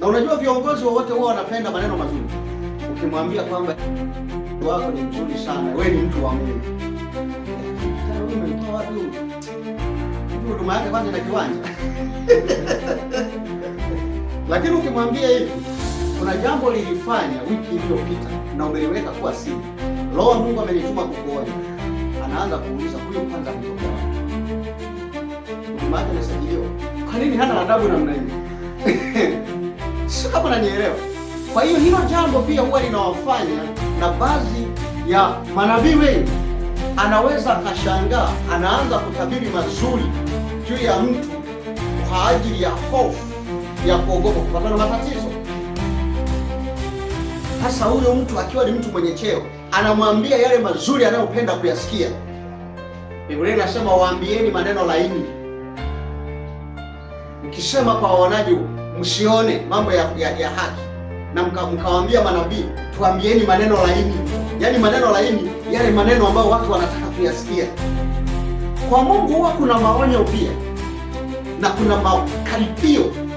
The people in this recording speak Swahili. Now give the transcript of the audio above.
Na unajua viongozi wowote huwa wanapenda maneno mazuri. Ukimwambia kwamba wako ni mzuri sana, wewe ni mtu wa Mungu, umemtoa huduma yake kwanza na kiwanja? Lakini ukimwambia hivi, kuna jambo lilifanya wiki iliyopita na umeliweka kuwa siri, roho Mungu amenituma kukuona, anaanza kuuliza huyo kwanza kutoka wapi? Huduma kwa nini hana adabu namna hiyo? kama Kwa hiyo hilo jambo pia huwa linawafanya na baadhi ya manabii wengi, anaweza akashangaa, anaanza kutabiri mazuri juu ya mtu kwa ajili ya hofu ya kuogopa kupatana matatizo. Sasa huyo mtu akiwa ni mtu mwenye cheo, anamwambia yale mazuri anayopenda kuyasikia. Biblia inasema waambieni maneno laini mkisema kwa waonaji msione mambo ya, ya, ya haki na mkawaambia manabii, tuambieni maneno laini, yaani maneno laini, yale maneno ambayo watu wanataka kuyasikia. Kwa Mungu huwa kuna maonyo pia na kuna makaribio